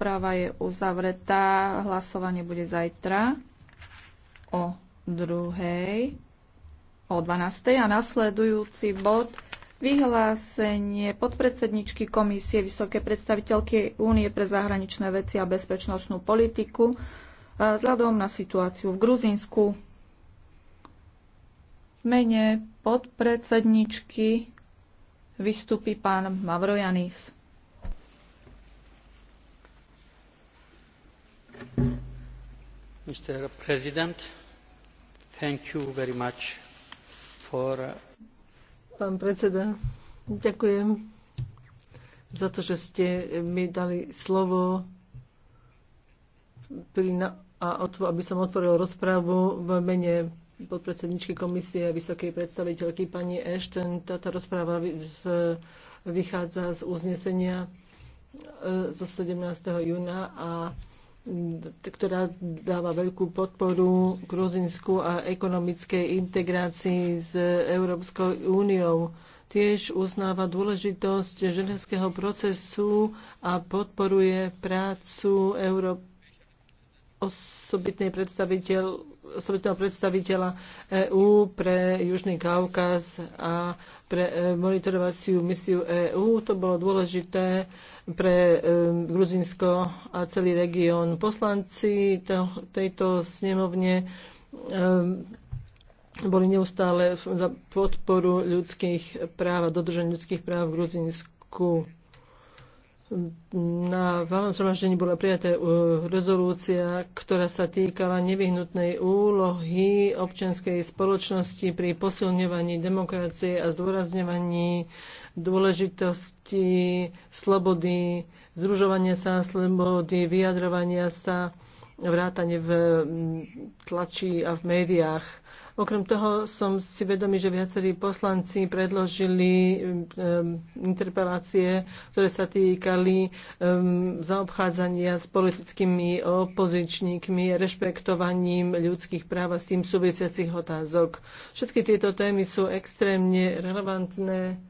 správa je uzavretá. Hlasovanie bude zajtra o druhej, o 12. a nasledujúci bod vyhlásenie podpredsedničky Komisie Vysoké predstaviteľky Únie pre zahraničné veci a bezpečnostnú politiku e, vzhľadom na situáciu v Gruzínsku. V mene podpredsedničky vystupí pán Mavrojanis. Mr. President, thank you very much for... Uh, Pán predseda, ďakujem za to, že ste mi dali slovo pri na, a otvo, aby som otvoril rozprávu v mene podpredsedničky komisie a vysokej predstaviteľky pani Ashton. Táto rozpráva vychádza z uznesenia e, zo 17. júna a ktorá dáva veľkú podporu Gruzinsku a ekonomickej integrácii s Európskou úniou. Tiež uznáva dôležitosť ženevského procesu a podporuje prácu Európy osobitnej predstaviteľ, osobitného predstaviteľa EÚ pre Južný Kaukaz a pre e, monitorovaciu misiu EÚ. To bolo dôležité pre e, Gruzinsko a celý región. Poslanci tejto snemovne e, boli neustále za podporu ľudských práv a dodržania ľudských práv v Gruzinsku na valnom zhromaždení bola prijatá uh, rezolúcia, ktorá sa týkala nevyhnutnej úlohy občianskej spoločnosti pri posilňovaní demokracie a zdôrazňovaní dôležitosti slobody, združovania sa, slobody, vyjadrovania sa, vrátane v tlači a v médiách. Okrem toho som si vedomý, že viacerí poslanci predložili ehm, ehm, interpelácie, ktoré sa týkali ehm, zaobchádzania s politickými opozičníkmi, rešpektovaním ľudských práv a s tým súvisiacich otázok. Všetky tieto témy sú extrémne relevantné,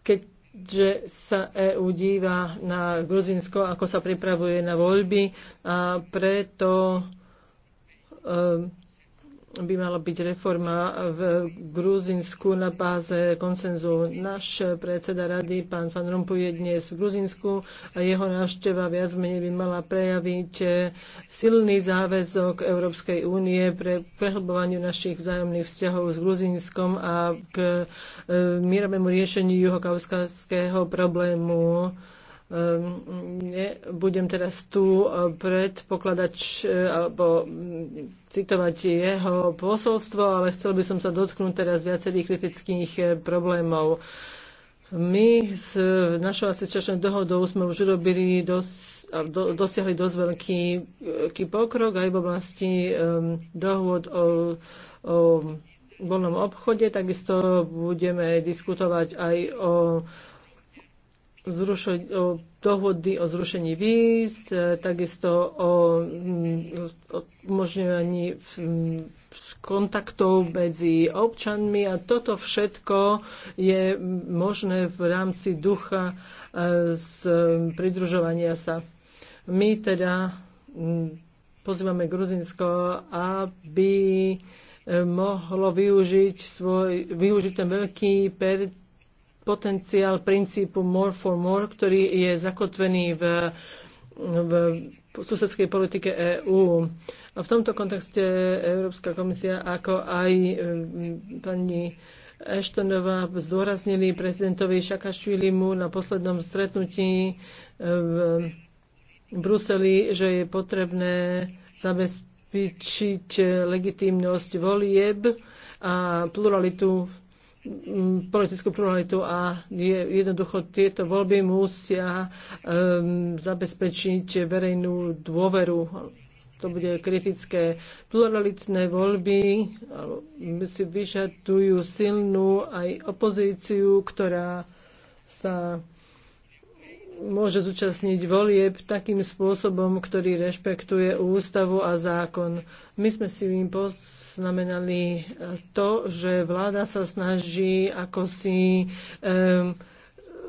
keďže sa EÚ díva na Gruzinsko, ako sa pripravuje na voľby a preto um, by mala byť reforma v Gruzinsku na báze konsenzu. Náš predseda rady, pán Van Rompuy, je dnes v Gruzinsku a jeho návšteva viac menej by mala prejaviť silný záväzok Európskej únie pre prehlbovanie našich vzájomných vzťahov s Gruzinskom a k e, mieravému riešeniu juhokaukazského problému Ehm, Nebudem teraz tu e, predpokladať e, alebo citovať jeho posolstvo, ale chcel by som sa dotknúť teraz viacerých kritických e, problémov. My s našou asociačnou dohodou sme už robili dosť, do, dosiahli dosť veľký, veľký pokrok aj v oblasti um, dohôd o, o voľnom obchode. Takisto budeme diskutovať aj o zrušo- o dohody o zrušení víz, e, takisto o mm, umožňovaní kontaktov medzi občanmi a toto všetko je možné v rámci ducha e, z pridružovania sa. My teda mm, pozývame Gruzinsko, aby e, mohlo využiť, svoj, využiť ten veľký per, potenciál princípu more for more, ktorý je zakotvený v, v susedskej politike EÚ. A v tomto kontexte Európska komisia, ako aj mm, pani Ashtonová zdôraznili prezidentovi Šakašvilimu na poslednom stretnutí e, v Bruseli, že je potrebné zabezpečiť legitímnosť volieb a pluralitu politickú pluralitu a jednoducho tieto voľby musia um, zabezpečiť verejnú dôveru. To bude kritické. Pluralitné voľby si vyžadujú silnú aj opozíciu, ktorá sa môže zúčastniť volieb takým spôsobom, ktorý rešpektuje ústavu a zákon. My sme si im poznamenali to, že vláda sa snaží ako si um,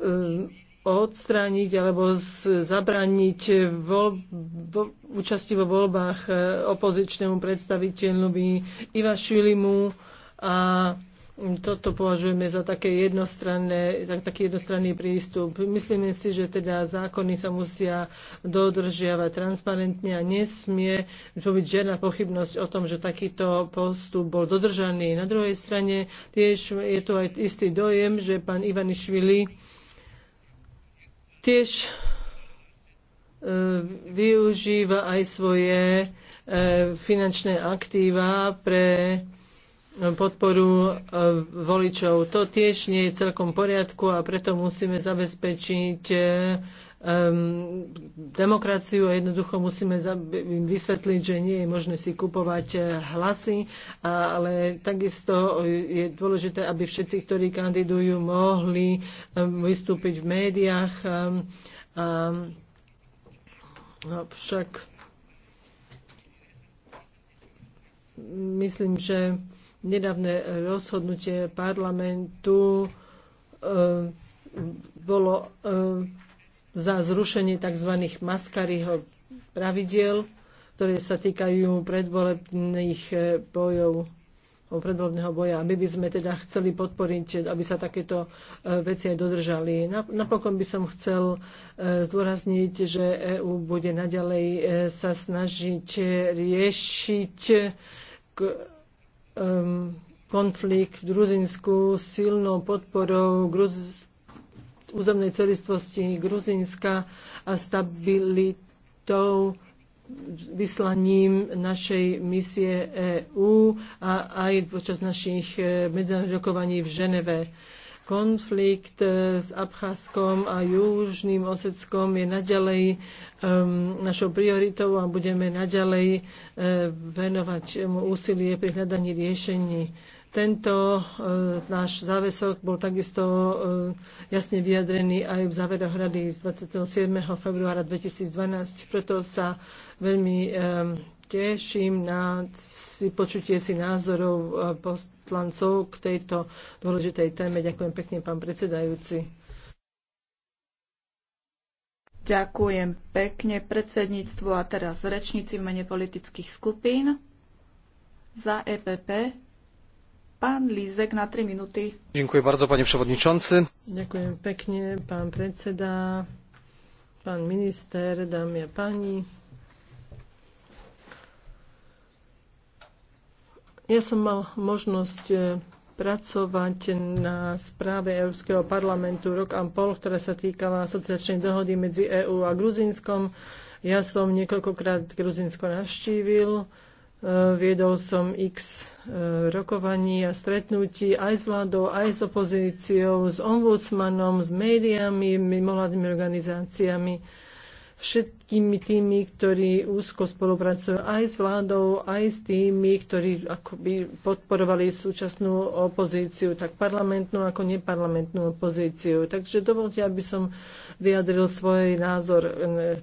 um, odstrániť alebo z, zabrániť voľ, vo, účasti vo voľbách eh, opozičnému predstaviteľovi Ivašvilimu a toto považujeme za také jednostranné, tak, taký jednostranný prístup. Myslíme si, že teda zákony sa musia dodržiavať transparentne a nesmie byť žiadna pochybnosť o tom, že takýto postup bol dodržaný. Na druhej strane tiež je tu aj istý dojem, že pán Ivanišvili tiež e, využíva aj svoje e, finančné aktíva pre podporu e, voličov. To tiež nie je celkom poriadku a preto musíme zabezpečiť um, demokraciu a jednoducho musíme vysvetliť, že nie je možné si kupovať e, hlasy, ale takisto je dôležité, aby všetci, ktorí kandidujú, mohli vystúpiť v médiách. Um, však myslím, že nedávne e, rozhodnutie parlamentu e, bolo e, za zrušenie tzv. maskariho pravidiel, ktoré sa týkajú predvolebných bojov predvolebného boja. my by sme teda chceli podporiť, aby sa takéto veci aj dodržali. Napokon by som chcel zdôrazniť, že EÚ bude naďalej sa snažiť riešiť um, konflikt v Gruzinsku silnou podporou Gruz- územnej celistvosti Gruzinska a stabilitou vyslaním našej misie EÚ a aj počas našich eh, medzinárodných rokovaní v Ženeve. Konflikt eh, s Abcházskom a Južným Oseckom je naďalej um, našou prioritou a budeme naďalej uh, venovať mu úsilie pri hľadaní riešení. Tento uh, náš záväzok bol takisto uh, jasne vyjadrený aj v záveroch rady z 27. februára 2012, preto sa veľmi um, teším na si, počutie si názorov eh, poslancov k tejto dôležitej téme. Ďakujem pekne, pán predsedajúci. Ďakujem pekne predsedníctvu a teraz rečníci v mene politických skupín. Za EPP pán Lízek na 3 minúty. Ďakujem bardzo, pani przewodniczący. Ďakujem pekne, pán predseda, pán minister, dámy a páni. Ja som mal možnosť e, pracovať na správe Európskeho parlamentu rok a pol, ktorá sa týkala asociačnej dohody medzi EÚ a Gruzínskom. Ja som niekoľkokrát Gruzínsko navštívil, e, viedol som x e, rokovaní a stretnutí aj s vládou, aj s opozíciou, s ombudsmanom, s médiami, mimovládnymi organizáciami všetkými tými, ktorí úzko spolupracujú aj s vládou, aj s tými, ktorí akoby podporovali súčasnú opozíciu, tak parlamentnú ako neparlamentnú opozíciu. Takže dovolte, aby som vyjadril svoj názor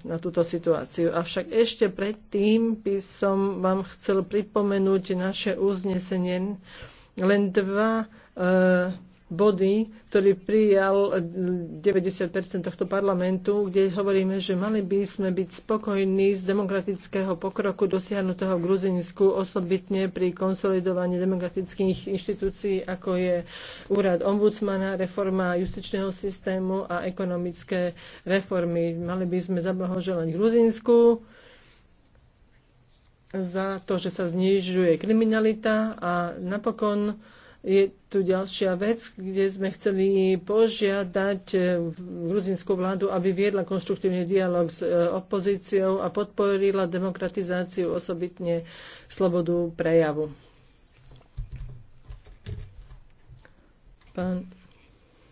na túto situáciu. Avšak ešte predtým by som vám chcel pripomenúť naše uznesenie len dva e, body, ktorý prijal 90% tohto parlamentu, kde hovoríme, že mali by sme byť spokojní z demokratického pokroku dosiahnutého v Gruzinsku, osobitne pri konsolidovaní demokratických inštitúcií, ako je úrad ombudsmana, reforma justičného systému a ekonomické reformy. Mali by sme zablahoželať Gruzinsku za to, že sa znižuje kriminalita a napokon je tu ďalšia vec, kde sme chceli požiadať eh, gruzinskú vládu, aby viedla konštruktívny dialog s eh, opozíciou a podporila demokratizáciu, osobitne slobodu prejavu. Pán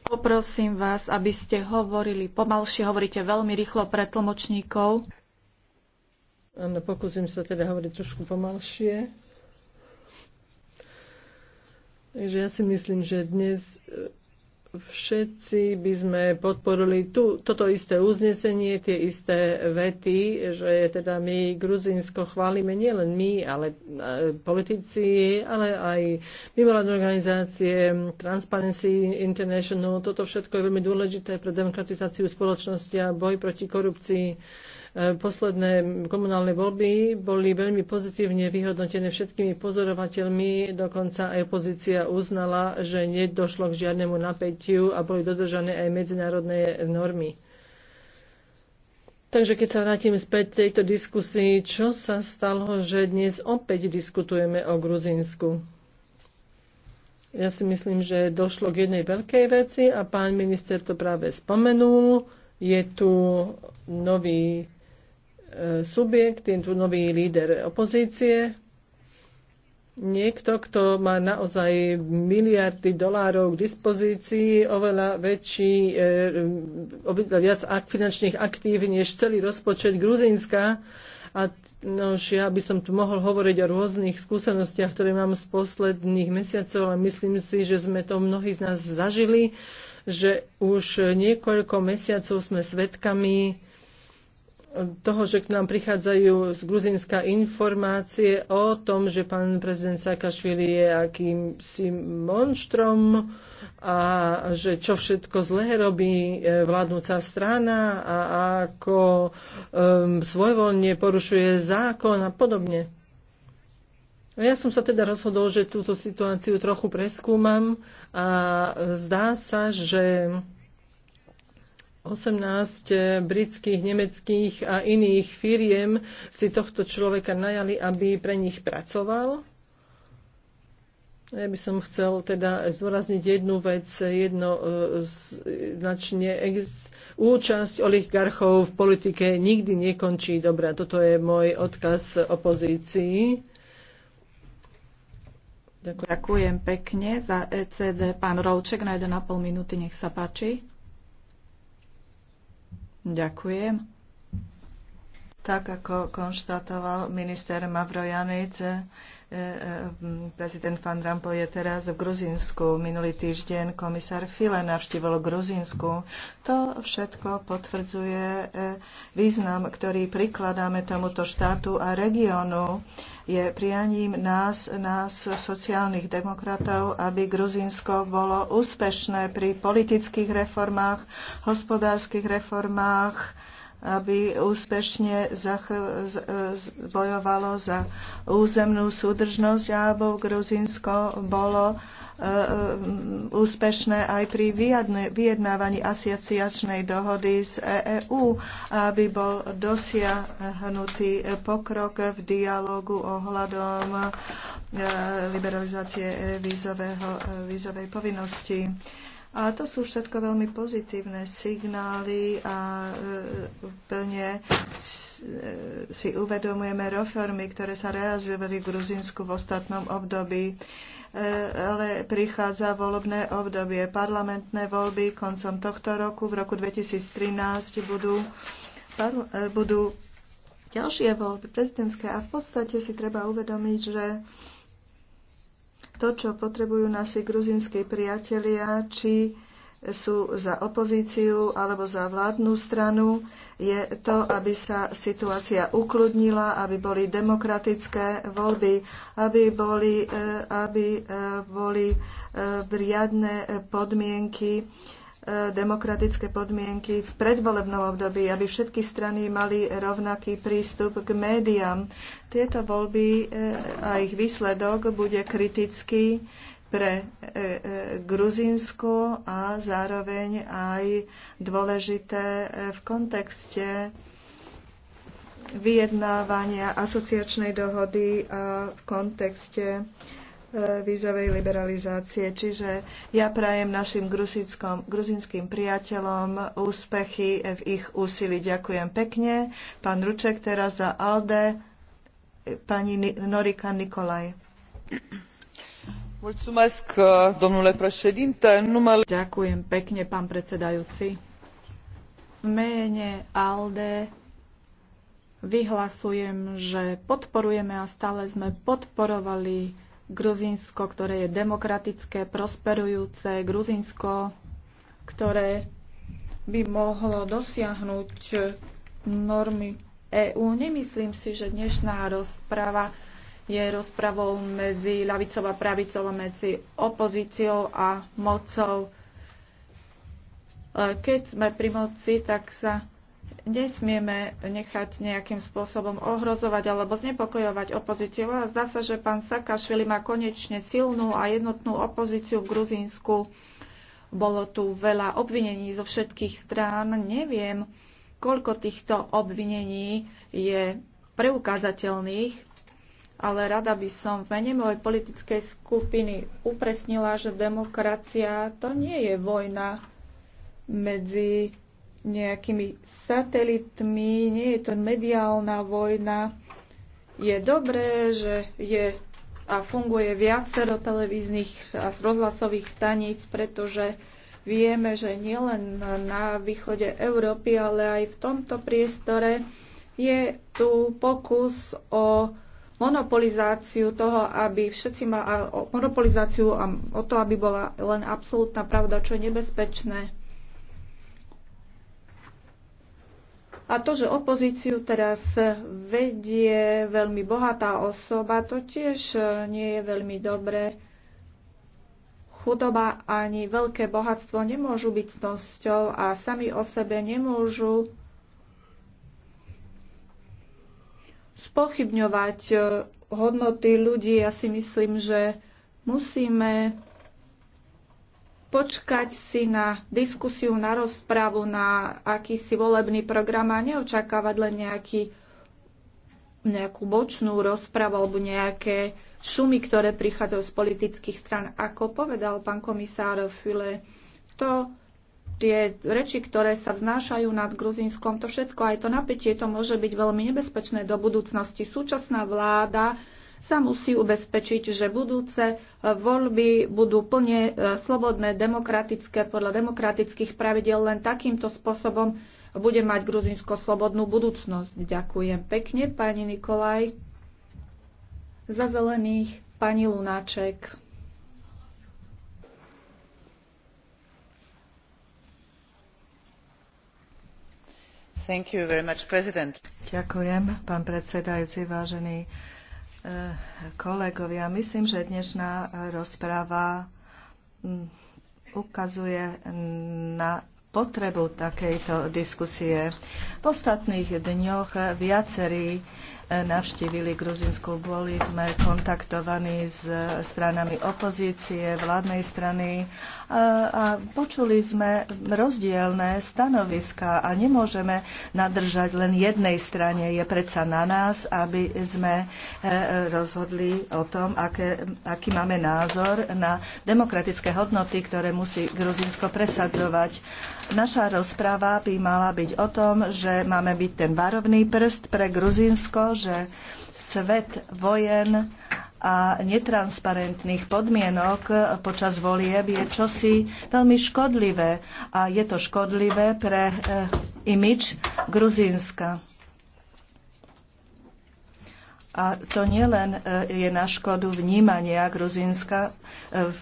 Poprosím vás, aby ste hovorili pomalšie, hovoríte veľmi rýchlo pre tlmočníkov. Áno, pokúsim sa teda hovoriť trošku pomalšie. Takže ja si myslím, že dnes e, všetci by sme podporili tu, toto isté uznesenie, tie isté vety, že teda my Gruzinsko chválime nielen my, ale e, politici, ale aj mimovládne organizácie, Transparency International. Toto všetko je veľmi dôležité pre demokratizáciu spoločnosti a boj proti korupcii. E, posledné komunálne voľby boli veľmi pozitívne vyhodnotené všetkými pozorovateľmi. Dokonca aj opozícia uznala, že nedošlo k žiadnemu napätiu a boli dodržané aj medzinárodné normy. Takže keď sa vrátim späť tejto diskusii, čo sa stalo, že dnes opäť diskutujeme o Gruzínsku? Ja si myslím, že došlo k jednej veľkej veci a pán minister to práve spomenul. Je tu nový subjekt, je tu nový líder opozície, niekto, kto má naozaj miliardy dolárov k dispozícii, oveľa väčší, e, oveľa viac finančných aktív než celý rozpočet Gruzínska. A no, ja by som tu mohol hovoriť o rôznych skúsenostiach, ktoré mám z posledných mesiacov, ale myslím si, že sme to mnohí z nás zažili, že už niekoľko mesiacov sme svedkami toho, že k nám prichádzajú z Gruzinska informácie o tom, že pán prezident Saakašvili je akýmsi monštrom a že čo všetko zlé robí e, vládnúca strana a ako um, svojvoľne porušuje zákon a podobne. Ja som sa teda rozhodol, že túto situáciu trochu preskúmam a zdá sa, že 18 eh, britských, nemeckých a iných firiem si tohto človeka najali, aby pre nich pracoval. Ja by som chcel teda zdôrazniť jednu vec, eh, ex- účasť oligarchov v politike nikdy nekončí dobre. Toto je môj odkaz opozícii. Ďakujem. Ďakujem pekne za ECD. Pán Rovček na 1,5 minúty, nech sa páči. Ďakujem. Tak ako konštatoval minister Mavrojanice. E, e, prezident Van Rampo je teraz v Gruzínsku. Minulý týždeň komisár File navštívil Gruzínsku. To všetko potvrdzuje e, význam, ktorý prikladáme tomuto štátu a regiónu. Je prianím nás, nás sociálnych demokratov, aby Gruzínsko bolo úspešné pri politických reformách, hospodárskych reformách, aby úspešne bojovalo za územnú súdržnosť a aby Gruzinsko bolo e, e, úspešné aj pri vyjednávaní asociačnej dohody z EÚ, e aby bol dosiahnutý pokrok v dialogu ohľadom liberalizácie vízovej povinnosti. A to sú všetko veľmi pozitívne signály a e, plne e, si uvedomujeme reformy, ktoré sa realizovali v Gruzinsku v ostatnom období e, ale prichádza volebné obdobie. Parlamentné voľby koncom tohto roku, v roku 2013, budú, budú ďalšie voľby prezidentské a v podstate si treba uvedomiť, že to, čo potrebujú naši gruzinskí priatelia, či sú za opozíciu alebo za vládnu stranu, je to, aby sa situácia ukludnila, aby boli demokratické voľby, aby boli, e, aby e, boli e, riadne podmienky demokratické podmienky v predvolebnom období, aby všetky strany mali rovnaký prístup k médiám. Tieto voľby e, a ich výsledok bude kritický pre e, e, Gruzínsku a zároveň aj dôležité v kontekste vyjednávania asociačnej dohody a v kontekste E, vízovej liberalizácie. Čiže ja prajem našim gruzinským priateľom úspechy v ich úsilí. Ďakujem pekne. Pán Ruček teraz za ALDE, pani Norika Nikolaj. Ďakujem pekne, pán predsedajúci. V mene ALDE vyhlasujem, že podporujeme a stále sme podporovali Gruzínsko, ktoré je demokratické, prosperujúce, Gruzínsko, ktoré by mohlo dosiahnuť normy EÚ. Nemyslím si, že dnešná rozprava je rozpravou medzi ľavicou a pravicou, medzi opozíciou a mocou. E, keď sme pri moci, tak sa nesmieme nechať nejakým spôsobom ohrozovať alebo znepokojovať opozíciu. A zdá sa, že pán Sakašvili má konečne silnú a jednotnú opozíciu v Gruzínsku. Bolo tu veľa obvinení zo všetkých strán. Neviem, koľko týchto obvinení je preukázateľných, ale rada by som v mene mojej politickej skupiny upresnila, že demokracia to nie je vojna medzi nejakými satelitmi, nie je to mediálna vojna. Je dobré, že je a funguje viacero televíznych a rozhlasových staníc, pretože vieme, že nielen na východe Európy, ale aj v tomto priestore je tu pokus o monopolizáciu toho, aby všetci ma, o monopolizáciu a o to, aby bola len absolútna pravda, čo je nebezpečné. A to, že opozíciu teraz vedie veľmi bohatá osoba, to tiež e, nie je veľmi dobré. Chudoba ani veľké bohatstvo nemôžu byť cnosťou a sami o sebe nemôžu spochybňovať e, hodnoty ľudí. Ja si myslím, že musíme počkať si na diskusiu, na rozprávu, na akýsi volebný program a neočakávať len nejaký, nejakú bočnú rozprávu alebo nejaké šumy, ktoré prichádzajú z politických stran. Ako povedal pán komisár File, to tie reči, ktoré sa vznášajú nad Gruzínskom, to všetko, aj to napätie, to môže byť veľmi nebezpečné do budúcnosti. Súčasná vláda sa musí ubezpečiť, že budúce e, voľby budú plne e, slobodné, demokratické, podľa demokratických pravidel. Len takýmto spôsobom bude mať Gruzinsko slobodnú budúcnosť. Ďakujem pekne, pani Nikolaj. Za zelených pani Lunáček. Much, Ďakujem, pán predsedajúci, vážený. Eh, kolegovia. Myslím, že dnešná rozpráva mm, ukazuje na potrebu takejto diskusie. V ostatných dňoch viacerí navštívili Gruzinsku. Boli sme kontaktovaní s stranami opozície, vládnej strany a, a počuli sme rozdielne stanoviska a nemôžeme nadržať len jednej strane. Je predsa na nás, aby sme e, rozhodli o tom, aké, aký máme názor na demokratické hodnoty, ktoré musí Gruzinsko presadzovať. Naša rozpráva by mala byť o tom, že máme byť ten varovný prst pre Gruzinsko, že svet vojen a netransparentných podmienok počas volieb je čosi veľmi škodlivé. A je to škodlivé pre eh, imič Gruzínska. A to nielen e, je na škodu vnímania Gruzínska e,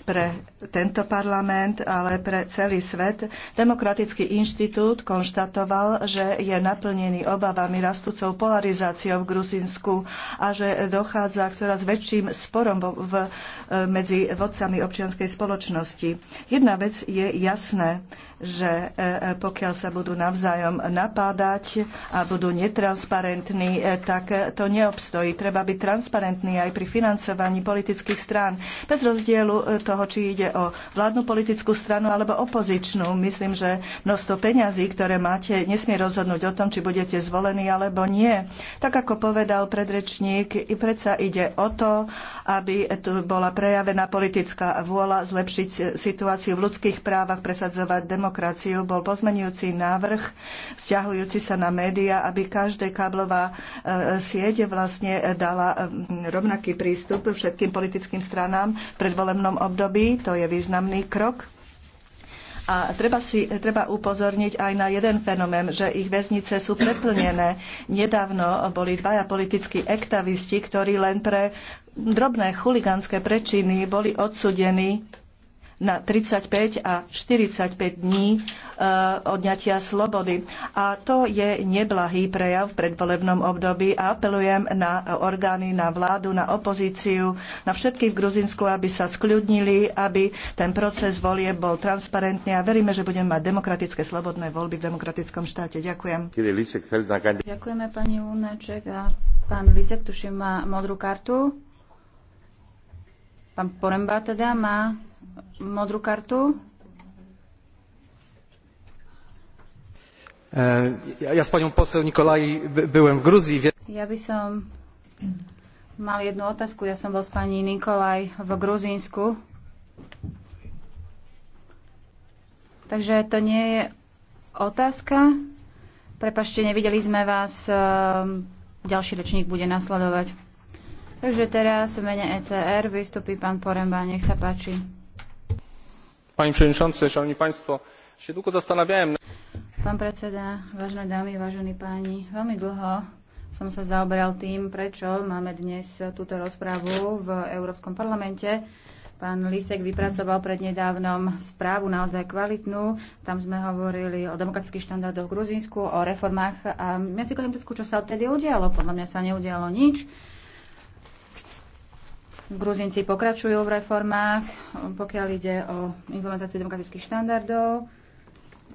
pre tento parlament, ale pre celý svet. Demokratický inštitút konštatoval, že je naplnený obavami rastúcou polarizáciou v Gruzínsku a že dochádza k teraz väčším sporom v, e, medzi vodcami občianskej spoločnosti. Jedna vec je jasná že e, e, pokiaľ sa budú navzájom napádať a budú netransparentní, e, tak to neobstojí. Treba byť transparentný aj pri financovaní politických strán. Bez rozdielu toho, či ide o vládnu politickú stranu alebo opozičnú. Myslím, že množstvo peňazí, ktoré máte, nesmie rozhodnúť o tom, či budete zvolení alebo nie. Tak ako povedal predrečník, i predsa ide o to, aby tu bola prejavená politická vôľa zlepšiť situáciu v ľudských právach, presadzovať demokraciu demokraciu bol pozmenujúci návrh vzťahujúci sa na médiá, aby každá káblová e, sieť vlastne e, dala e, rovnaký prístup všetkým politickým stranám v predvolebnom období. To je významný krok. A treba, si, treba upozorniť aj na jeden fenomén, že ich väznice sú preplnené. Nedávno boli dvaja politickí ektavisti, ktorí len pre drobné chuligánske prečiny boli odsudení na 35 a 45 dní e, odňatia slobody. A to je neblahý prejav v predvolebnom období a apelujem na orgány, na vládu, na opozíciu, na všetkých v Gruzinsku, aby sa skľudnili, aby ten proces volie bol transparentný a veríme, že budeme mať demokratické slobodné voľby v demokratickom štáte. Ďakujem. Ďakujeme pani Lunaček a pán Lisek, tuším, má modrú kartu. Pán Poremba teda má modrú kartu. E, ja, s panią poseł Nikolaj byłem v Gruzii. Ja by som mal jednu otázku. Ja som bol s pani Nikolaj v Gruzínsku. Takže to nie je otázka. Prepašte, nevideli sme vás. E, ďalší rečník bude nasledovať. Takže teraz v mene ECR vystupí pán Poremba. Nech sa páči. Pani Przewodniczący, Szanowni Państwo, się długo zastanawiałem. Pán predseda, vážené dámy, vážení páni, veľmi dlho som sa zaoberal tým, prečo máme dnes túto rozprávu v Európskom parlamente. Pán Lisek vypracoval prednedávnom správu naozaj kvalitnú. Tam sme hovorili o demokratických štandardoch v Gruzínsku, o reformách a ja si kladem čo sa odtedy udialo. Podľa mňa sa neudialo nič. Gruzinci pokračujú v reformách, pokiaľ ide o implementáciu demokratických štandardov,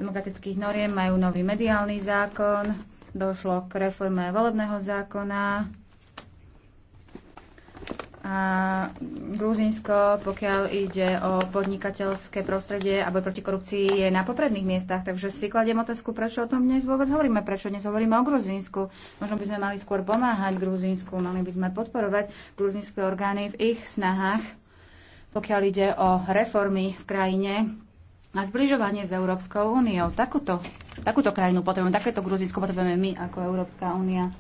demokratických noriem, majú nový mediálny zákon, došlo k reforme volebného zákona, a Gruzínsko, pokiaľ ide o podnikateľské prostredie a boj proti korupcii, je na popredných miestach. Takže si kladiem otázku, prečo o tom dnes vôbec hovoríme, prečo dnes hovoríme o Gruzínsku. Možno by sme mali skôr pomáhať Gruzínsku, mali by sme podporovať gruzínske orgány v ich snahách, pokiaľ ide o reformy v krajine a zbližovanie s Európskou úniou. Takúto, takúto krajinu potrebujeme, takéto Gruzínsko potrebujeme my ako Európska únia.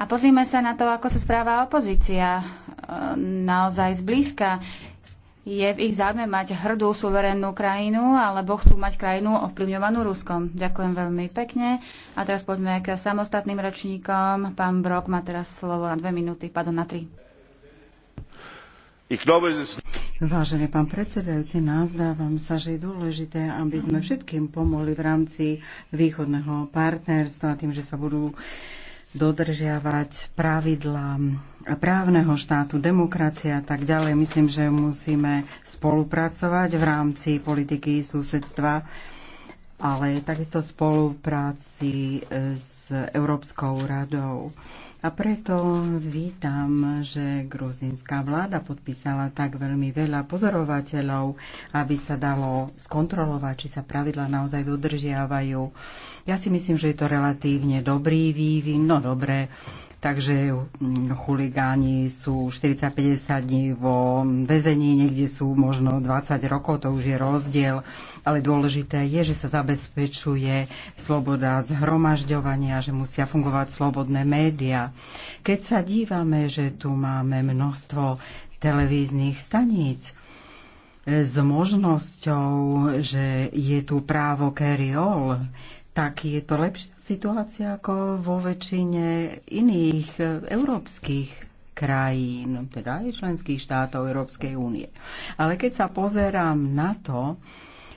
A pozrime sa na to, ako sa správa opozícia e, naozaj zblízka. Je v ich záujme mať hrdú, suverénnu krajinu, alebo chcú mať krajinu ovplyvňovanú Ruskom. Ďakujem veľmi pekne. A teraz poďme k samostatným ročníkom. Pán Brok má teraz slovo na dve minúty, pardon, na tri. Vážený pán predsedajúci, nazdávam sa, že je dôležité, aby sme všetkým pomohli v rámci východného partnerstva tým, že sa budú dodržiavať pravidlá právneho štátu, demokracia a tak ďalej. Myslím, že musíme spolupracovať v rámci politiky susedstva, ale takisto spolupráci s Európskou radou. A preto vítam, že gruzinská vláda podpísala tak veľmi veľa pozorovateľov, aby sa dalo skontrolovať, či sa pravidla naozaj dodržiavajú. Ja si myslím, že je to relatívne dobrý vývin, no dobre, takže mm, chuligáni sú 40-50 dní vo väzení, niekde sú možno 20 rokov, to už je rozdiel, ale dôležité je, že sa zabezpečuje sloboda zhromažďovania, že musia fungovať slobodné médiá. Keď sa dívame, že tu máme množstvo televíznych staníc, e, s možnosťou, že je tu právo carry all, tak je to lepšia situácia ako vo väčšine iných e, európskych krajín, teda aj členských štátov Európskej únie. Ale keď sa pozerám na to,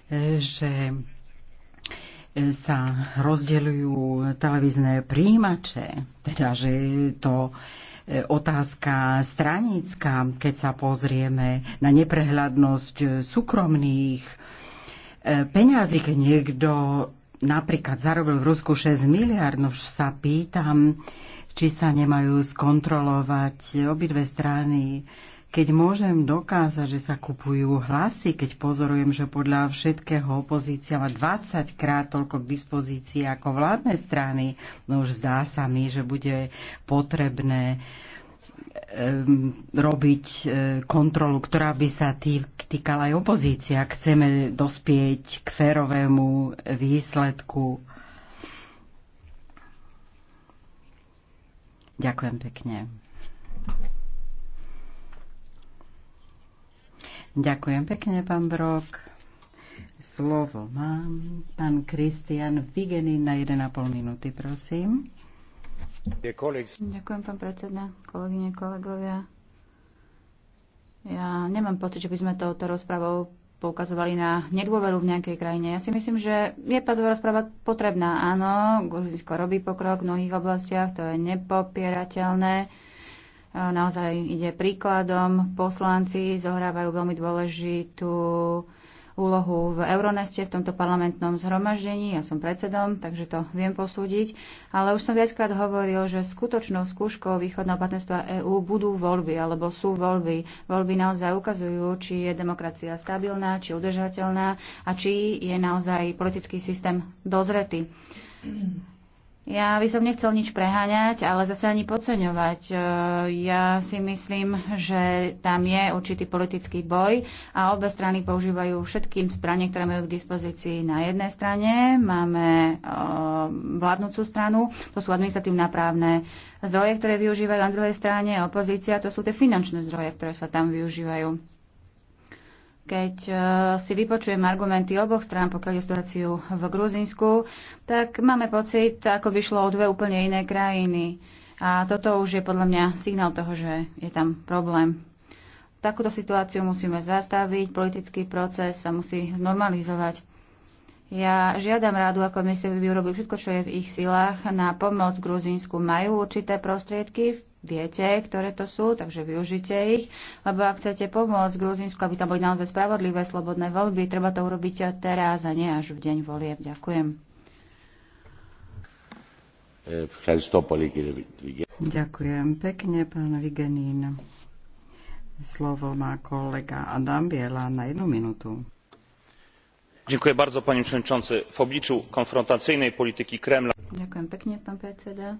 e, že e, sa rozdeľujú televízne príjimače, teda že je to otázka stranická, keď sa pozrieme na neprehľadnosť súkromných peňazí, keď niekto napríklad zarobil v Rusku 6 miliard, no sa pýtam, či sa nemajú skontrolovať obidve strany keď môžem dokázať, že sa kupujú hlasy, keď pozorujem, že podľa všetkého opozícia má 20 krát toľko k dispozícii ako vládne strany, no už zdá sa mi, že bude potrebné robiť e, kontrolu, ktorá by sa týkala aj opozícia. Chceme dospieť k férovému výsledku. Ďakujem pekne. Ďakujem pekne, pán Brok. Slovo mám. Pán Kristian Vigenin na 1,5 minúty, prosím. Ďakujem, pán predseda, kolegyne, kolegovia. Ja nemám pocit, že by sme touto rozprávou poukazovali na nedôveru v nejakej krajine. Ja si myslím, že je padová rozpráva potrebná. Áno, Gruzinsko robí pokrok v mnohých oblastiach, to je nepopierateľné. Naozaj ide príkladom. Poslanci zohrávajú veľmi dôležitú úlohu v Euroneste, v tomto parlamentnom zhromaždení. Ja som predsedom, takže to viem posúdiť. Ale už som viackrát hovoril, že skutočnou skúškou východného partnerstva EÚ budú voľby, alebo sú voľby. Voľby naozaj ukazujú, či je demokracia stabilná, či udržateľná a či je naozaj politický systém dozretý. Ja by som nechcel nič preháňať, ale zase ani podceňovať. E, ja si myslím, že tam je určitý politický boj a obe strany používajú všetkým zbranie, ktoré majú k dispozícii. Na jednej strane máme e, vládnúcu stranu, to sú administratívna právne zdroje, ktoré využívajú. Na druhej strane opozícia, to sú tie finančné zdroje, ktoré sa tam využívajú keď e, si vypočujem argumenty oboch strán, pokiaľ je situáciu v Gruzínsku, tak máme pocit, ako by šlo o dve úplne iné krajiny. A toto už je podľa mňa signál toho, že je tam problém. Takúto situáciu musíme zastaviť, politický proces sa musí znormalizovať. Ja žiadam rádu a komisiu, aby urobili všetko, čo je v ich silách na pomoc Gruzínsku. Majú určité prostriedky v viete, ktoré to sú, takže využite ich, lebo ak chcete pomôcť Gruzínsku, aby tam boli naozaj spravodlivé, slobodné voľby, treba to urobiť teraz a nie až v deň volieb. Ďakujem. Ďakujem pekne, pán Vigenín. Slovo má kolega Adam Biela na jednu minútu. Dziękuję bardzo, panie przewodniczący. W obliczu konfrontacyjnej polityki Kremla. Dziękuję pięknie, pan predseda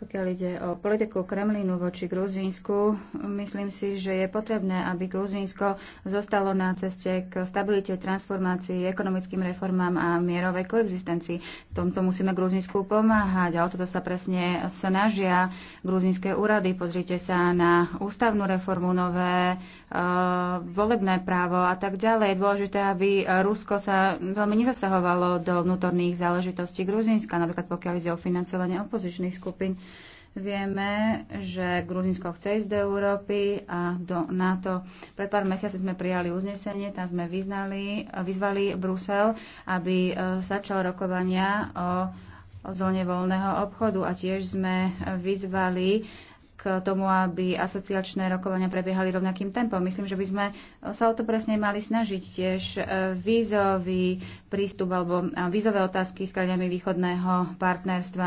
Pokiaľ ide o politiku Kremlínu voči Gruzínsku, myslím si, že je potrebné, aby Gruzínsko zostalo na ceste k stabilite, transformácii, ekonomickým reformám a mierovej koexistencii. Tomto musíme Gruzínsku pomáhať, ale toto sa presne snažia gruzínske úrady. Pozrite sa na ústavnú reformu, nové e, volebné právo a tak ďalej. Je dôležité, aby Rusko sa veľmi nezasahovalo do vnútorných záležitostí Gruzínska, napríklad pokiaľ ide o financovanie opozičných skupín. Vieme, že Gruzinsko chce ísť do Európy a do NATO. Pred pár mesiaci sme prijali uznesenie, tam sme vyznali, vyzvali Brusel, aby e, začal rokovania o o zóne voľného obchodu a tiež sme vyzvali k tomu, aby asociačné rokovania prebiehali rovnakým tempom. Myslím, že by sme sa o to presne mali snažiť tiež e, vízový prístup alebo vízové otázky s krajinami východného partnerstva.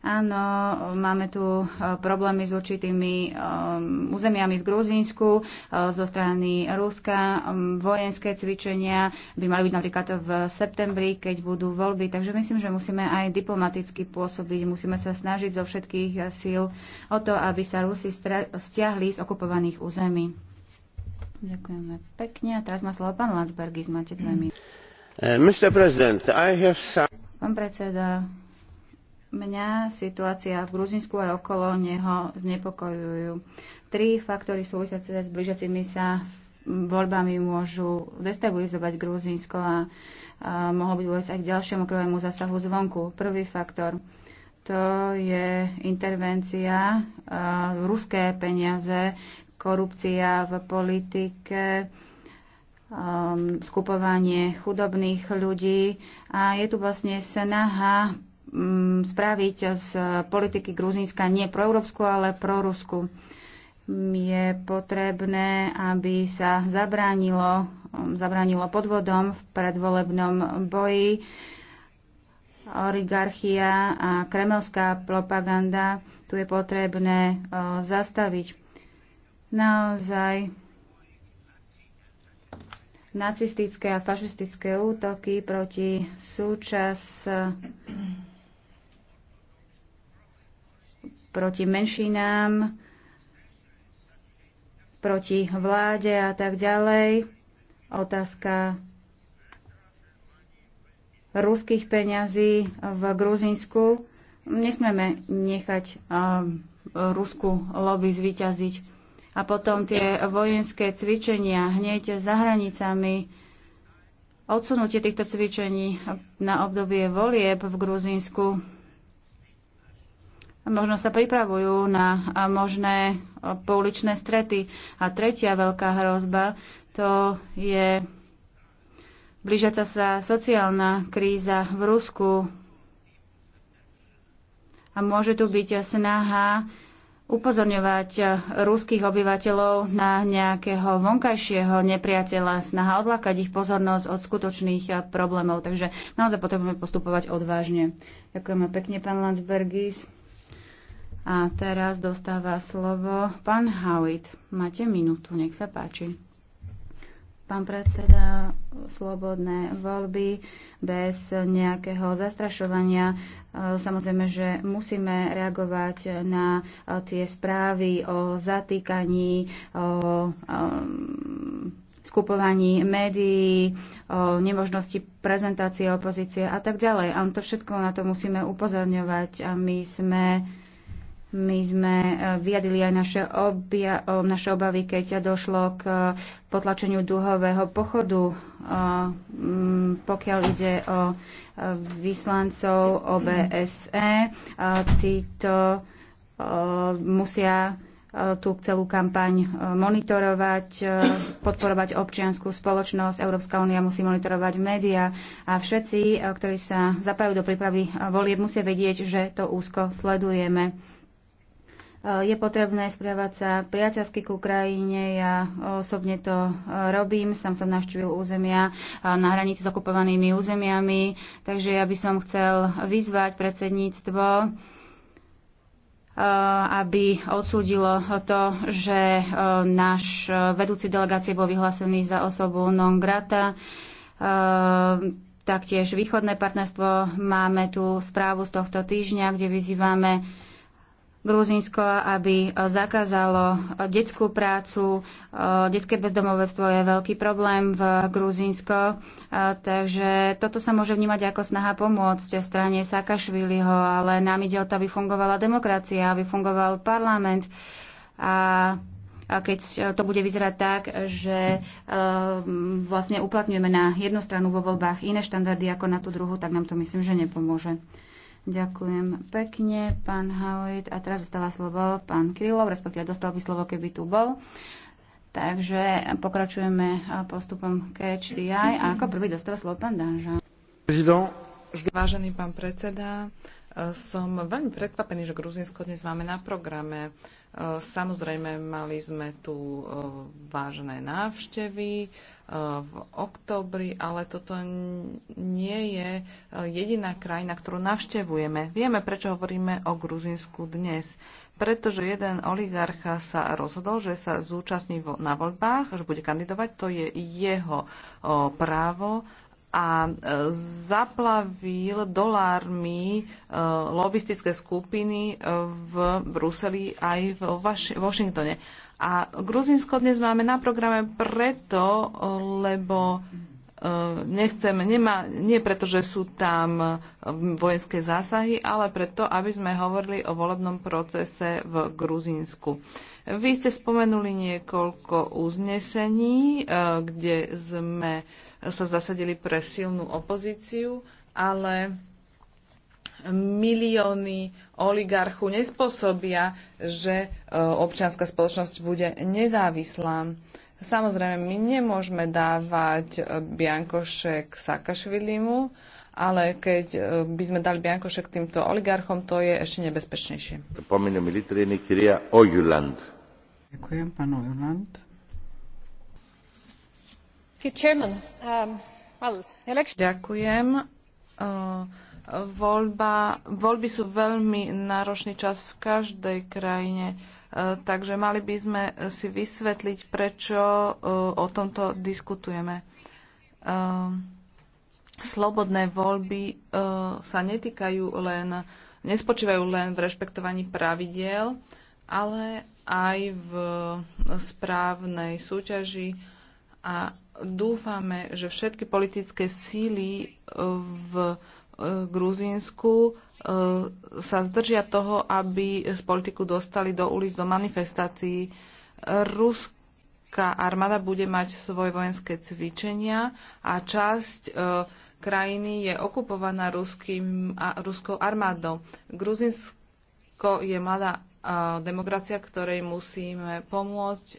Áno, máme tu e, problémy s určitými e, územiami v Gruzínsku zo strany Ruska. Vojenské cvičenia by mali byť napríklad v septembri, keď budú voľby. Takže myslím, že musíme aj diplomaticky pôsobiť, musíme sa snažiť zo všetkých síl o to, aby sa sa Rusi stiahli z okupovaných území. Ďakujeme pekne. A teraz má slovo pán Landsbergis. Máte dve mm. minúty. Eh, Mr. President, I have some... Pán predseda, mňa situácia v Gruzinsku aj okolo neho znepokojujú. Tri faktory súvisiace s blížiacimi sa voľbami môžu destabilizovať Gruzinsko a, a mohlo by dôjsť aj k ďalšiemu krovému zásahu zvonku. Prvý faktor to je intervencia, uh, ruské peniaze, korupcia v politike, um, skupovanie chudobných ľudí a je tu vlastne snaha um, spraviť z politiky Gruzínska nie pro Európsku, ale pro Rusku. Je potrebné, aby sa zabránilo, um, zabránilo podvodom v predvolebnom boji. Uh, oligarchia a kremelská propaganda tu je potrebné zastaviť. Naozaj nacistické a fašistické útoky proti súčas proti menšinám, proti vláde a tak ďalej. Otázka ruských peňazí v Gruzinsku. Nesmieme nechať rusku lobby zvyťaziť. A potom tie vojenské cvičenia hneď za hranicami, odsunutie týchto cvičení na obdobie volieb v Gruzinsku Možno sa pripravujú na možné pouličné strety. A tretia veľká hrozba to je blížiaca sa sociálna kríza v Rusku a môže tu byť snaha upozorňovať ruských obyvateľov na nejakého vonkajšieho nepriateľa, snaha odlákať ich pozornosť od skutočných problémov. Takže naozaj potrebujeme postupovať odvážne. Ďakujeme pekne, pán Landsbergis. A teraz dostáva slovo pán Howitt. Máte minútu, nech sa páči pán predseda, slobodné voľby bez nejakého zastrašovania. E, samozrejme, že musíme reagovať na e, tie správy o zatýkaní, o e, skupovaní médií, o nemožnosti prezentácie opozície a tak ďalej. A to všetko na to musíme upozorňovať a my sme my sme e, vyjadili aj naše, obja, e, naše obavy, keď došlo k e, potlačeniu duhového pochodu, pokiaľ ide o vyslancov OBSE. Títo musia tú celú kampaň monitorovať, podporovať občianskú spoločnosť. Európska únia musí monitorovať médiá a všetci, ktorí sa zapájajú do prípravy volieb, musia vedieť, že to úzko sledujeme. Eh, je potrebné správať sa priateľsky k Ukrajine. Ja osobne to eh, robím. Sam som navštívil územia eh, na hranici s okupovanými územiami. Takže ja by som chcel vyzvať predsedníctvo, aby odsúdilo to, že náš vedúci delegácie bol vyhlásený za osobu non grata. Taktiež východné partnerstvo máme tu správu z tohto týždňa, kde vyzývame Gruzínsko, aby e, zakázalo e, detskú prácu. E, detské bezdomovectvo je veľký problém v Gruzínsko, takže toto sa môže vnímať ako snaha pomôcť strane Sakašviliho, ale nám ide o to, aby fungovala demokracia, aby fungoval parlament a a keď to bude vyzerať tak, že e, vlastne uplatňujeme na jednu stranu vo voľbách iné štandardy ako na tú druhú, tak nám to myslím, že nepomôže. Ďakujem pekne, pán Howitt. A teraz dostáva slovo pán Krylov, respektíve dostal by slovo, keby tu bol. Takže pokračujeme postupom catch A ako prvý dostáva slovo pán Danža. Vážený pán predseda, som veľmi prekvapený, že Gruzinsko dnes máme na programe. E, samozrejme, mali sme tu e, vážne návštevy v oktobri, ale toto nie je e, jediná krajina, ktorú navštevujeme. Vieme, prečo hovoríme o Gruzinsku dnes. Pretože jeden oligarcha sa rozhodol, že sa zúčastní na voľbách, že bude kandidovať, to je jeho právo a e, zaplavil dolármi e, lobistické skupiny v Bruseli aj v Washingtone a Gruzinsko dnes máme na programe preto, lebo e, nechceme, nemá, nie preto, že sú tam e, vojenské zásahy, ale preto, aby sme hovorili o volebnom procese v Gruzínsku. Vy ste spomenuli niekoľko uznesení, e, kde sme sa zasadili pre silnú opozíciu, ale milióny oligarchu nespôsobia, že e, občianská spoločnosť bude nezávislá. Samozrejme, my nemôžeme dávať e, biankošek Sakašvilimu, ale keď e, by sme dali biankošek týmto oligarchom, to je ešte nebezpečnejšie. Ďakujem, pán Ojuland. Um, Ďakujem. Uh, Voľba, voľby sú veľmi náročný čas v každej krajine, e, takže mali by sme si vysvetliť, prečo e, o tomto diskutujeme. E, slobodné voľby sa netýkajú len, nespočívajú len v rešpektovaní pravidiel, ale aj v správnej súťaži a dúfame, že všetky politické síly v E, Gruzínsku e, sa zdržia toho, aby z politiku dostali do ulic, do manifestácií. Ruská armáda bude mať svoje vojenské cvičenia a časť e, krajiny je okupovaná ruským, ruskou armádou. Gruzinsko je mladá demokracia, ktorej musíme pomôcť e,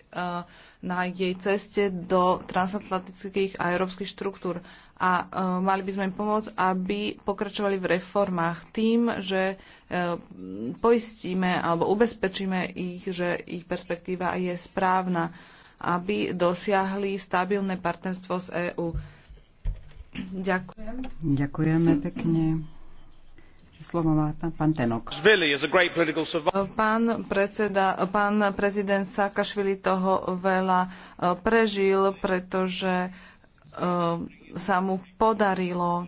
na jej ceste do transatlantických a európskych štruktúr. A e, mali by sme im pomôcť, aby pokračovali v reformách tým, že e, poistíme alebo ubezpečíme ich, že ich perspektíva je správna, aby dosiahli stabilné partnerstvo z EÚ. Ďakujem. Ďakujeme pekne. Slovo má tam pán Tenok. Pán, predseda, pán prezident Saakašvili toho veľa e, prežil, pretože e, sa mu podarilo,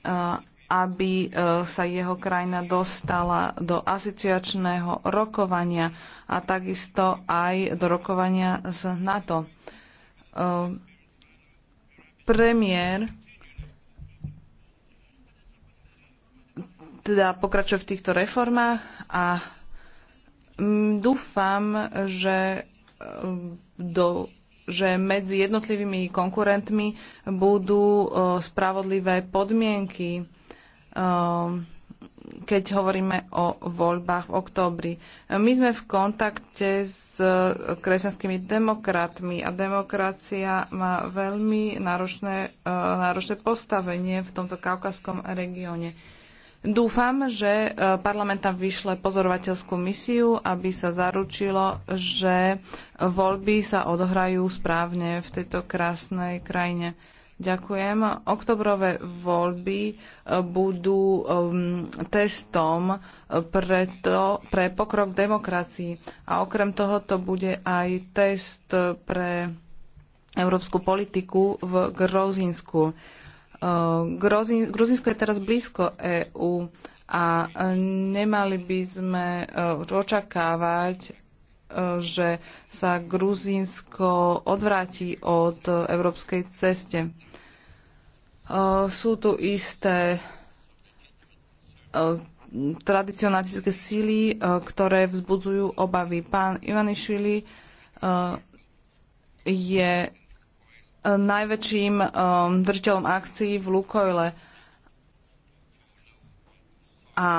e, aby sa jeho krajina dostala do asociačného rokovania a takisto aj do rokovania z NATO. Premiér teda pokračuje v týchto reformách a mm, dúfam, že, e, do, že medzi jednotlivými konkurentmi budú e, spravodlivé podmienky, e, keď hovoríme o voľbách v októbri. My sme v kontakte s kresťanskými demokratmi a demokracia má veľmi náročné, náročné postavenie v tomto kaukaskom regióne Dúfam, že e, parlament tam vyšle pozorovateľskú misiu, aby sa zaručilo, že voľby sa odohrajú správne v tejto krásnej krajine. Ďakujem. Oktobrové voľby e, budú um, testom pre, to, pre pokrok demokracii a okrem toho to bude aj test pre európsku politiku v Grozínsku. Gruzinsko je teraz blízko EÚ a e, nemali by sme e, očakávať, e, že sa Gruzínsko odvráti od európskej ceste. Sú tu isté tradicionalistické síly, ktoré vzbudzujú obavy. Pán Ivanišvili je najväčším um, držiteľom akcií v Lukoile. A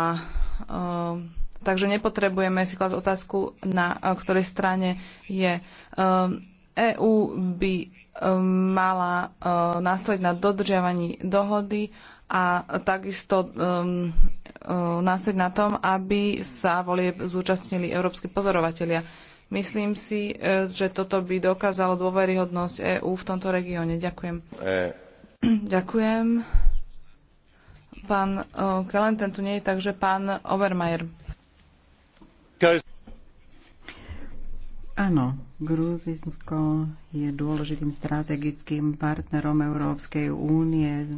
um, takže nepotrebujeme si klásť otázku, na uh, ktorej strane je. Um, EÚ by mala uh, nastaviť na dodržiavaní dohody a takisto uh, nastaviť na tom, aby sa volie zúčastnili európsky pozorovatelia Myslím si, e, že toto by dokázalo dôveryhodnosť EÚ v tomto regióne. Ďakujem. E... Ďakujem. Pán e, Kelen, ten tu nie je, takže pán Overmajer. Áno, Gruzinsko je dôležitým strategickým partnerom Európskej únie.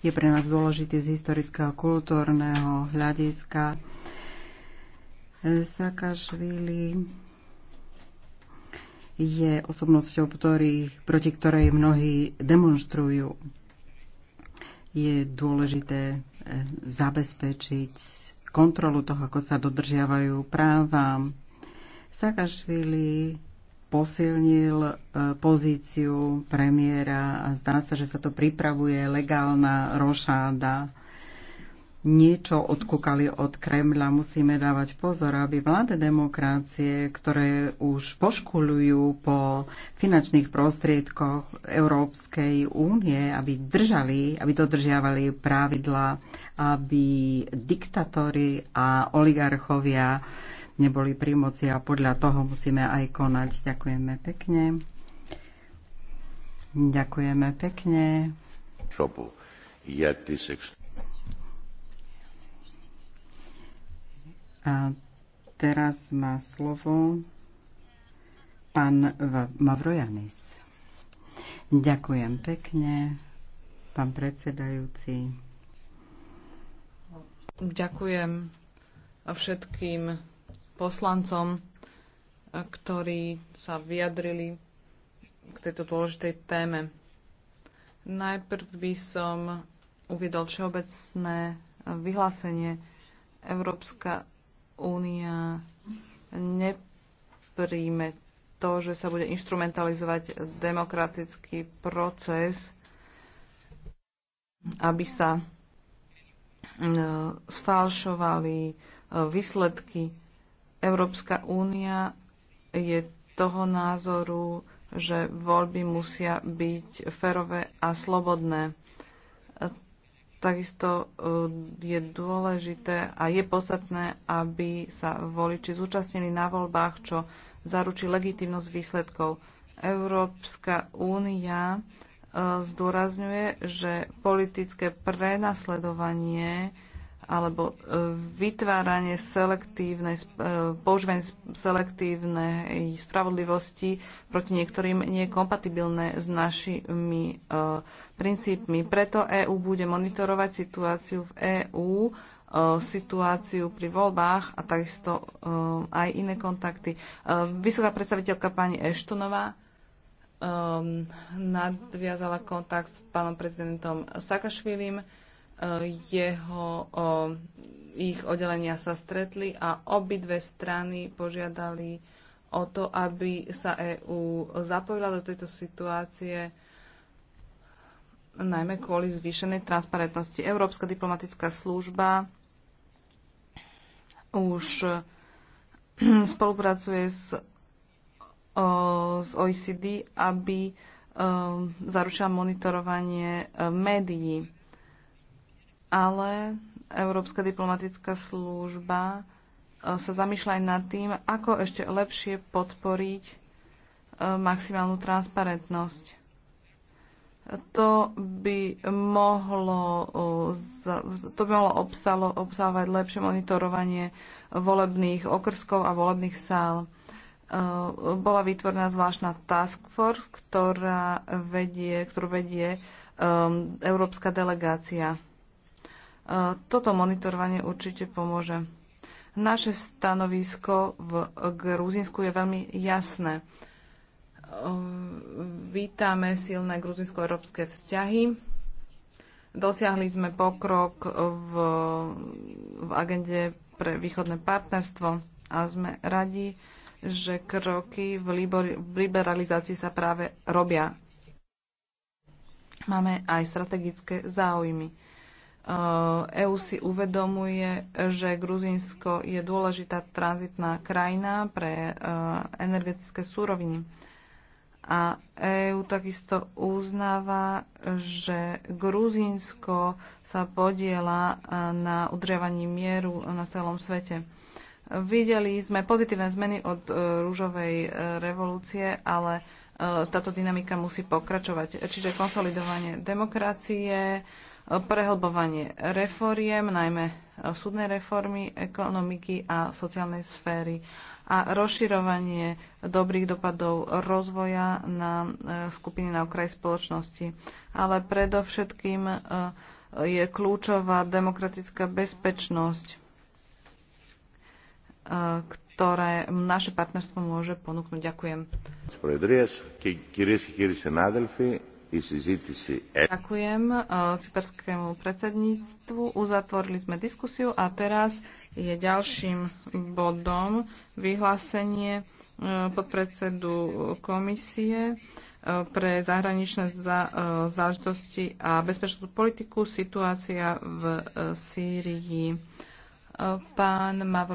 Je pre nás dôležitý z historického kultúrneho hľadiska. Sakašvili je osobnosťou, ktorý, proti ktorej mnohí demonstrujú. Je dôležité eh, zabezpečiť kontrolu toho, ako sa dodržiavajú práva. Sakašvili posilnil eh, pozíciu premiéra a zdá sa, že sa to pripravuje legálna rošáda niečo odkúkali od Kremla. Musíme dávať pozor, aby vláde demokracie, ktoré už poškulujú po finančných prostriedkoch Európskej únie, aby držali, aby dodržiavali pravidla, aby diktatóri a oligarchovia neboli pri moci a podľa toho musíme aj konať. Ďakujeme pekne. Ďakujeme pekne. Šopu. Ja ty sex... A teraz má slovo pán Mavrojanis. Ďakujem pekne, pán predsedajúci. Ďakujem všetkým poslancom, ktorí sa vyjadrili k tejto dôležitej téme. Najprv by som uviedol všeobecné vyhlásenie Európska únia nepríjme to, že sa bude instrumentalizovať demokratický proces, aby sa e, sfalšovali e, výsledky. Európska únia je toho názoru, že voľby musia byť férové a slobodné. Takisto eh, je dôležité a je podstatné, aby sa voliči zúčastnili na voľbách, čo zaručí legitimnosť výsledkov. Európska únia eh, zdôrazňuje, že politické prenasledovanie alebo e, vytváranie selektívnej, e, používanie selektívnej spravodlivosti proti niektorým nie je kompatibilné s našimi e, princípmi. Preto EÚ bude monitorovať situáciu v EÚ, situáciu pri voľbách a takisto aj iné kontakty. Vysoká predstaviteľka pani Eštonová nadviazala kontakt s pánom prezidentom Sakašvilim jeho, ich oddelenia sa stretli a obidve strany požiadali o to, aby sa EÚ zapojila do tejto situácie, najmä kvôli zvýšenej transparentnosti. Európska diplomatická služba už spolupracuje s, s OECD, aby zaručila monitorovanie e, médií ale Európska diplomatická služba e, sa zamýšľa aj nad tým, ako ešte lepšie podporiť e, maximálnu transparentnosť. To by mohlo, e, to by mohlo obsalo, obsahovať lepšie monitorovanie volebných okrskov a volebných sál. Bola vytvorená zvláštna task force, ktorá vedie, ktorú vedie um, európska delegácia toto monitorovanie určite pomôže. Naše stanovisko v Gruzinsku je veľmi jasné. Vítame silné gruzinsko-európske vzťahy. Dosiahli sme pokrok v, v agende pre východné partnerstvo a sme radi, že kroky v liberalizácii sa práve robia. Máme aj strategické záujmy. EÚ eh, e si uvedomuje, že Gruzínsko je dôležitá tranzitná krajina pre eh, energetické súroviny. A EÚ takisto uznáva, že Gruzínsko sa podiela eh, na udržiavaní mieru na celom svete. Videli sme pozitívne zmeny od rúžovej revolúcie, ale táto dynamika musí pokračovať. Čiže konsolidovanie demokracie, prehlbovanie reforiem, najmä e, súdnej reformy, ekonomiky a sociálnej sféry a rozširovanie dobrých dopadov rozvoja na e, skupiny na okraj spoločnosti. Ale predovšetkým e, je kľúčová demokratická bezpečnosť, ktoré naše partnerstvo môže ponúknuť. Ďakujem. Ďakujem cyperskému predsedníctvu. Uzatvorili sme diskusiu a teraz je ďalším bodom vyhlásenie e, podpredsedu komisie e, pre zahraničné e, záležitosti a bezpečnú politiku situácia v Sýrii. Pán Mavro